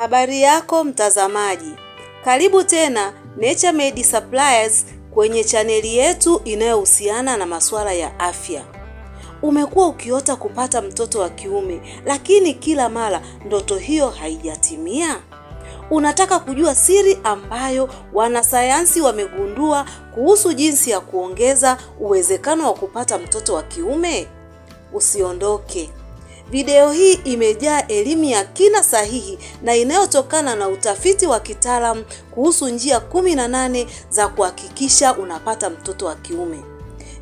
Habari yako mtazamaji, karibu tena Naturemed Supplies kwenye chaneli yetu inayohusiana na masuala ya afya. Umekuwa ukiota kupata mtoto wa kiume, lakini kila mara ndoto hiyo haijatimia. Unataka kujua siri ambayo wanasayansi wamegundua kuhusu jinsi ya kuongeza uwezekano wa kupata mtoto wa kiume? Usiondoke. Video hii imejaa elimu ya kina sahihi na inayotokana na utafiti wa kitaalamu kuhusu njia kumi na nane za kuhakikisha unapata mtoto wa kiume.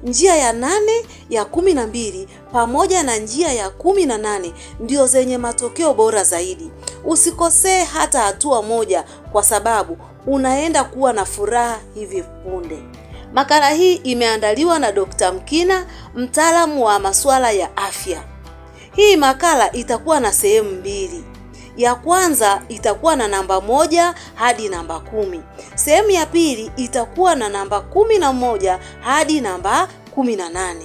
Njia ya nane, ya kumi na mbili pamoja na njia ya kumi na nane ndio zenye matokeo bora zaidi. Usikosee hata hatua moja, kwa sababu unaenda kuwa na furaha hivi punde. Makala hii imeandaliwa na Dr. Mkina, mtaalamu wa masuala ya afya. Hii makala itakuwa na sehemu mbili. Ya kwanza itakuwa na namba moja hadi namba kumi. Sehemu ya pili itakuwa na namba kumi na moja hadi namba kumi na nane.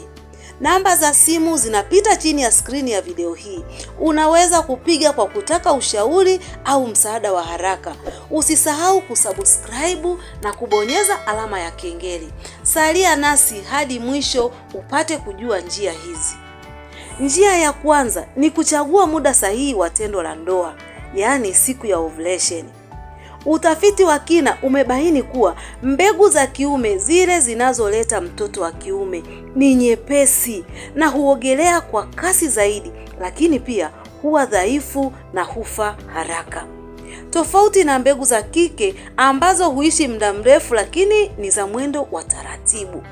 Namba za simu zinapita chini ya skrini ya video hii. Unaweza kupiga kwa kutaka ushauri au msaada wa haraka. Usisahau kusubscribe na kubonyeza alama ya kengele. Salia nasi hadi mwisho upate kujua njia hizi. Njia ya kwanza ni kuchagua muda sahihi wa tendo la ndoa, yaani siku ya ovulation. Utafiti wa kina umebaini kuwa mbegu za kiume zile zinazoleta mtoto wa kiume ni nyepesi na huogelea kwa kasi zaidi, lakini pia huwa dhaifu na hufa haraka, tofauti na mbegu za kike ambazo huishi muda mrefu, lakini ni za mwendo wa taratibu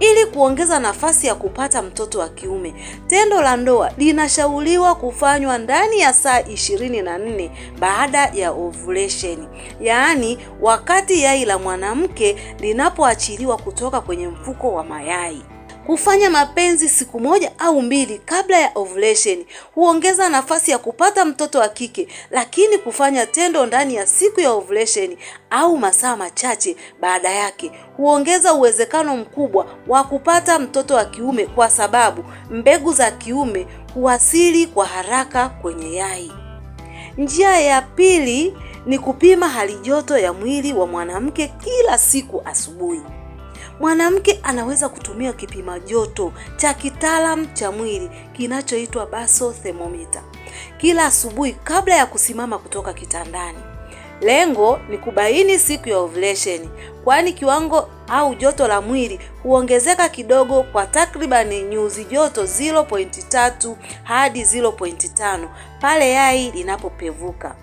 ili kuongeza nafasi ya kupata mtoto wa kiume. Tendo la ndoa linashauriwa kufanywa ndani ya saa ishirini na nne baada ya ovulation, yaani wakati yai la mwanamke linapoachiliwa kutoka kwenye mfuko wa mayai hufanya mapenzi siku moja au mbili kabla ya ovulation, huongeza nafasi ya kupata mtoto wa kike, lakini kufanya tendo ndani ya siku ya ovulation au masaa machache baada yake huongeza uwezekano mkubwa wa kupata mtoto wa kiume, kwa sababu mbegu za kiume huwasili kwa haraka kwenye yai. Njia ya pili ni kupima hali joto ya mwili wa mwanamke kila siku asubuhi. Mwanamke anaweza kutumia kipima joto cha kitaalamu cha mwili kinachoitwa baso thermometer kila asubuhi kabla ya kusimama kutoka kitandani. Lengo ni kubaini siku ya ovulation, kwani kiwango au joto la mwili huongezeka kidogo kwa takribani nyuzi joto 0.3 hadi 0.5 pale yai linapopevuka.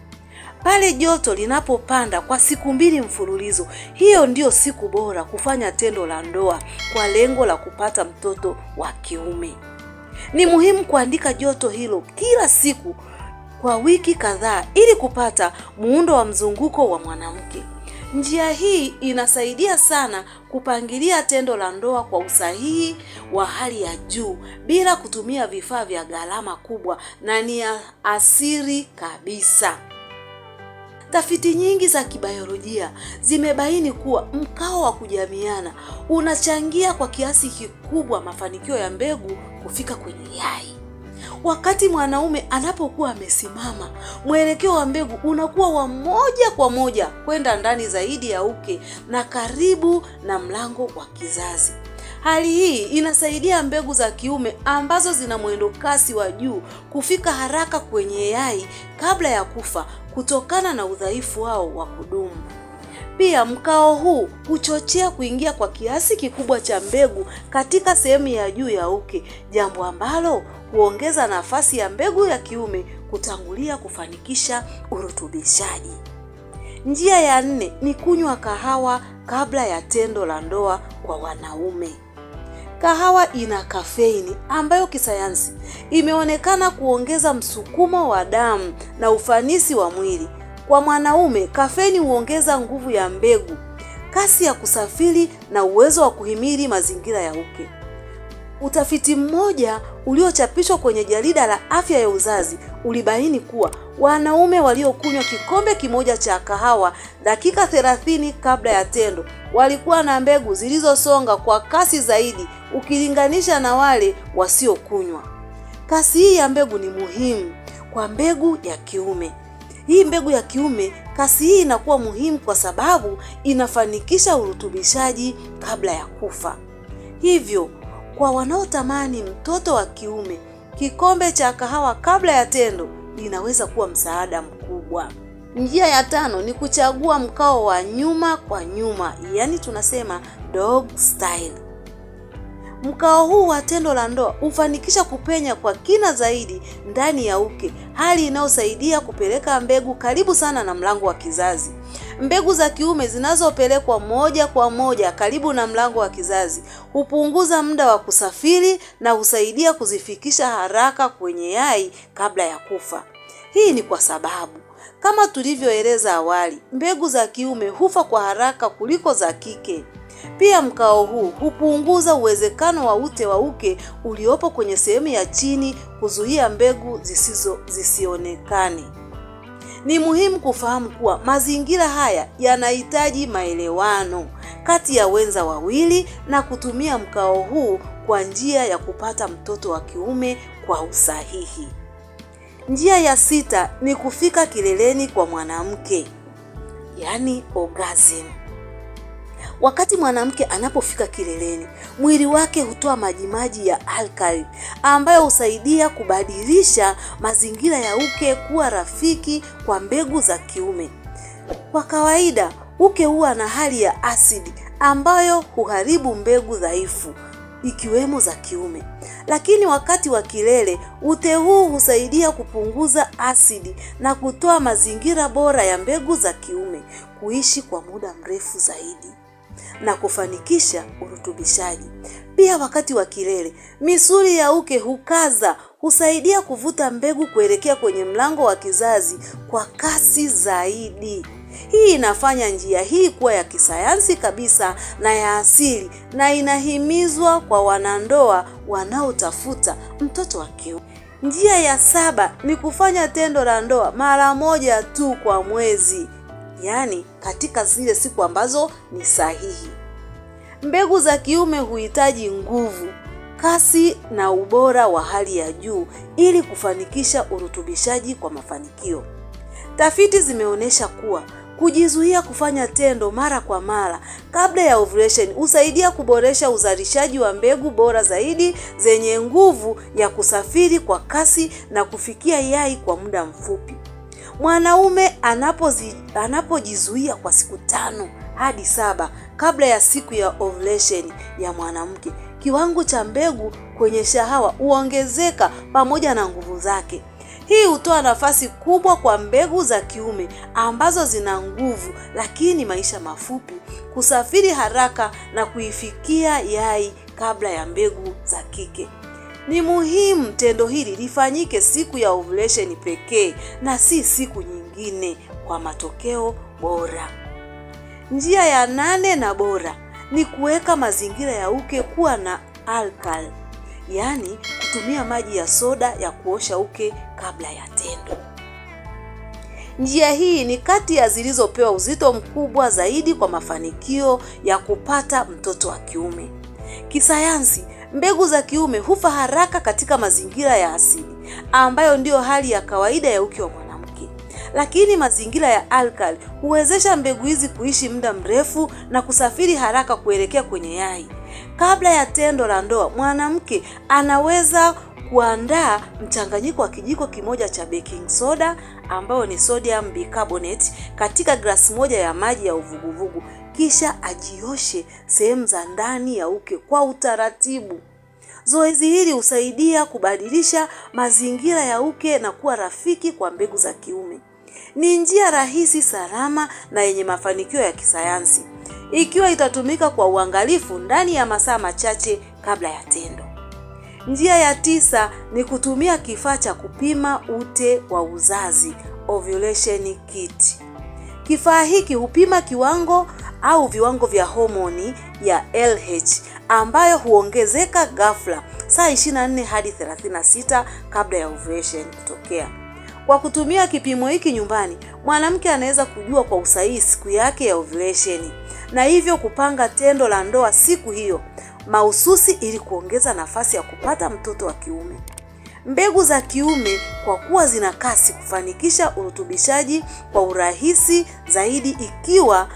Pale joto linapopanda kwa siku mbili mfululizo, hiyo ndiyo siku bora kufanya tendo la ndoa kwa lengo la kupata mtoto wa kiume. Ni muhimu kuandika joto hilo kila siku kwa wiki kadhaa ili kupata muundo wa mzunguko wa mwanamke. Njia hii inasaidia sana kupangilia tendo la ndoa kwa usahihi wa hali ya juu bila kutumia vifaa vya gharama kubwa na ni asiri kabisa. Tafiti nyingi za kibayolojia zimebaini kuwa mkao wa kujamiana unachangia kwa kiasi kikubwa mafanikio ya mbegu kufika kwenye yai. Wakati mwanaume anapokuwa amesimama, mwelekeo wa mbegu unakuwa wa moja kwa moja kwenda ndani zaidi ya uke na karibu na mlango wa kizazi. Hali hii inasaidia mbegu za kiume ambazo zina mwendo kasi wa juu kufika haraka kwenye yai kabla ya kufa kutokana na udhaifu wao wa kudumu. Pia mkao huu huchochea kuingia kwa kiasi kikubwa cha mbegu katika sehemu ya juu ya uke, jambo ambalo huongeza nafasi ya mbegu ya kiume kutangulia kufanikisha urutubishaji. Njia ya nne ni kunywa kahawa kabla ya tendo la ndoa kwa wanaume. Kahawa ina kafeini ambayo kisayansi imeonekana kuongeza msukumo wa damu na ufanisi wa mwili. Kwa mwanaume, kafeini huongeza nguvu ya mbegu, kasi ya kusafiri na uwezo wa kuhimili mazingira ya uke. Utafiti mmoja uliochapishwa kwenye jarida la afya ya uzazi ulibaini kuwa wanaume waliokunywa kikombe kimoja cha kahawa dakika 30 kabla ya tendo walikuwa na mbegu zilizosonga kwa kasi zaidi ukilinganisha na wale wasiokunywa. Kasi hii ya mbegu ni muhimu kwa mbegu ya kiume. Hii mbegu ya kiume, kasi hii inakuwa muhimu kwa sababu inafanikisha urutubishaji kabla ya kufa. Hivyo, kwa wanaotamani mtoto wa kiume, kikombe cha kahawa kabla ya tendo linaweza kuwa msaada mkubwa. Njia ya tano ni kuchagua mkao wa nyuma kwa nyuma, yaani tunasema dog style. Mkao huu wa tendo la ndoa hufanikisha kupenya kwa kina zaidi ndani ya uke, hali inayosaidia kupeleka mbegu karibu sana na mlango wa kizazi. Mbegu za kiume zinazopelekwa moja kwa moja karibu na mlango wa kizazi hupunguza muda wa kusafiri na husaidia kuzifikisha haraka kwenye yai kabla ya kufa. Hii ni kwa sababu kama tulivyoeleza awali, mbegu za kiume hufa kwa haraka kuliko za kike. Pia mkao huu hupunguza uwezekano wa ute wa uke uliopo kwenye sehemu ya chini, kuzuia mbegu zisizo zisionekane. Ni muhimu kufahamu kuwa mazingira haya yanahitaji maelewano kati ya wenza wawili na kutumia mkao huu kwa njia ya kupata mtoto wa kiume kwa usahihi. Njia ya sita ni kufika kileleni kwa mwanamke, yaani orgasm. Wakati mwanamke anapofika kileleni, mwili wake hutoa majimaji ya alkali ambayo husaidia kubadilisha mazingira ya uke kuwa rafiki kwa mbegu za kiume. Kwa kawaida uke huwa na hali ya asidi ambayo huharibu mbegu dhaifu ikiwemo za kiume. Lakini wakati wa kilele, ute huu husaidia kupunguza asidi na kutoa mazingira bora ya mbegu za kiume kuishi kwa muda mrefu zaidi na kufanikisha urutubishaji. Pia wakati wa kilele, misuli ya uke hukaza, husaidia kuvuta mbegu kuelekea kwenye mlango wa kizazi kwa kasi zaidi. Hii inafanya njia hii kuwa ya kisayansi kabisa na ya asili, na inahimizwa kwa wanandoa wanaotafuta mtoto wa kiume. Njia ya saba ni kufanya tendo la ndoa mara moja tu kwa mwezi, yaani katika zile siku ambazo ni sahihi. Mbegu za kiume huhitaji nguvu, kasi na ubora wa hali ya juu ili kufanikisha urutubishaji kwa mafanikio. Tafiti zimeonyesha kuwa Kujizuia kufanya tendo mara kwa mara kabla ya ovulation husaidia kuboresha uzalishaji wa mbegu bora zaidi zenye nguvu ya kusafiri kwa kasi na kufikia yai kwa muda mfupi. Mwanaume anapojizuia kwa siku tano hadi saba kabla ya siku ya ovulation ya mwanamke, kiwango cha mbegu kwenye shahawa huongezeka pamoja na nguvu zake. Hii hutoa nafasi kubwa kwa mbegu za kiume ambazo zina nguvu lakini maisha mafupi kusafiri haraka na kuifikia yai kabla ya mbegu za kike. Ni muhimu tendo hili lifanyike siku ya ovulation pekee na si siku nyingine kwa matokeo bora. Njia ya nane na bora ni kuweka mazingira ya uke kuwa na alkali yaani kutumia maji ya soda ya kuosha uke kabla ya tendo. Njia hii ni kati ya zilizopewa uzito mkubwa zaidi kwa mafanikio ya kupata mtoto wa kiume. Kisayansi, mbegu za kiume hufa haraka katika mazingira ya asili ambayo ndiyo hali ya kawaida ya uke wa mwanamke, lakini mazingira ya alkali huwezesha mbegu hizi kuishi muda mrefu na kusafiri haraka kuelekea kwenye yai. Kabla ya tendo la ndoa, mwanamke anaweza kuandaa mchanganyiko wa kijiko kimoja cha baking soda ambayo ni sodium bicarbonate katika glasi moja ya maji ya uvuguvugu, kisha ajioshe sehemu za ndani ya uke kwa utaratibu. Zoezi hili husaidia kubadilisha mazingira ya uke na kuwa rafiki kwa mbegu za kiume. Ni njia rahisi, salama na yenye mafanikio ya kisayansi ikiwa itatumika kwa uangalifu ndani ya masaa machache kabla ya tendo. Njia ya tisa ni kutumia kifaa cha kupima ute wa uzazi, ovulation kit. Kifaa hiki hupima kiwango au viwango vya homoni ya LH ambayo huongezeka ghafla saa 24 hadi 36 kabla ya ovulation kutokea. Kwa kutumia kipimo hiki nyumbani, mwanamke anaweza kujua kwa usahihi siku yake ya ovulation na hivyo kupanga tendo la ndoa siku hiyo mahususi ili kuongeza nafasi ya kupata mtoto wa kiume. Mbegu za kiume kwa kuwa zina kasi kufanikisha urutubishaji kwa urahisi zaidi ikiwa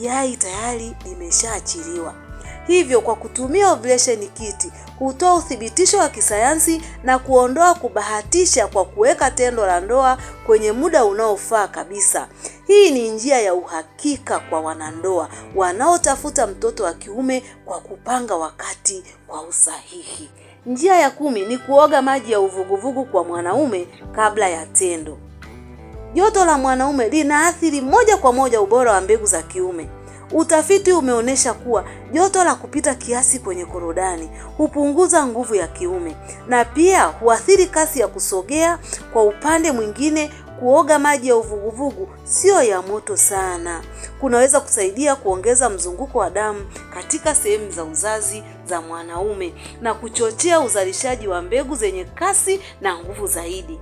yai tayari limeshaachiliwa. Hivyo, kwa kutumia ovulation kit hutoa uthibitisho wa kisayansi na kuondoa kubahatisha kwa kuweka tendo la ndoa kwenye muda unaofaa kabisa. Hii ni njia ya uhakika kwa wanandoa wanaotafuta mtoto wa kiume kwa kupanga wakati kwa usahihi. Njia ya kumi ni kuoga maji ya uvuguvugu kwa mwanaume kabla ya tendo. Joto la mwanaume linaathiri moja kwa moja ubora wa mbegu za kiume. Utafiti umeonyesha kuwa joto la kupita kiasi kwenye korodani hupunguza nguvu ya kiume na pia huathiri kasi ya kusogea. Kwa upande mwingine, kuoga maji ya uvuguvugu sio ya moto sana kunaweza kusaidia kuongeza mzunguko wa damu katika sehemu za uzazi za mwanaume na kuchochea uzalishaji wa mbegu zenye kasi na nguvu zaidi.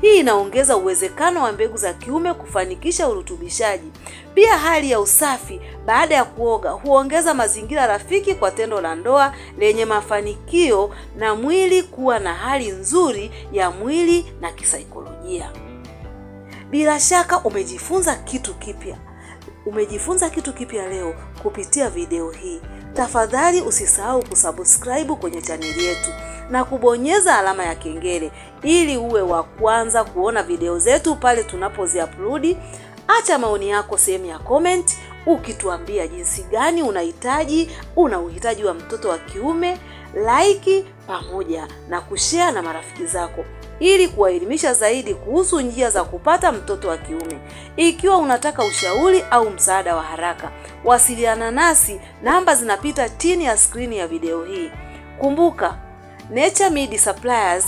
Hii inaongeza uwezekano wa mbegu za kiume kufanikisha urutubishaji. Pia hali ya usafi baada ya kuoga huongeza mazingira rafiki kwa tendo la ndoa lenye mafanikio na mwili kuwa na hali nzuri ya mwili na kisaikolojia. Bila shaka umejifunza kitu kipya. Umejifunza kitu kipya leo kupitia video hii. Tafadhali usisahau kusubscribe kwenye chaneli yetu na kubonyeza alama ya kengele ili uwe wa kwanza kuona video zetu pale tunapoziaplodi. Acha maoni yako sehemu ya comment ukituambia jinsi gani unahitaji una uhitaji wa mtoto wa kiume. Like pamoja na kushare na marafiki zako ili kuwaelimisha zaidi kuhusu njia za kupata mtoto wa kiume. Ikiwa unataka ushauri au msaada wa haraka, wasiliana nasi, namba zinapita chini ya skrini ya video hii. Kumbuka, Naturemed Supplies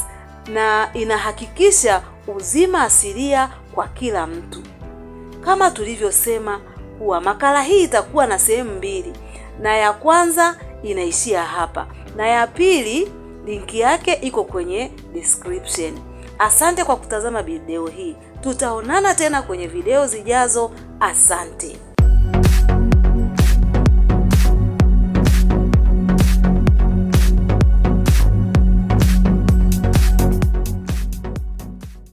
na inahakikisha uzima asilia kwa kila mtu. Kama tulivyosema kuwa makala hii itakuwa na sehemu mbili, na ya kwanza inaishia hapa na ya pili linki yake iko kwenye description. Asante kwa kutazama video hii, tutaonana tena kwenye video zijazo. Asante.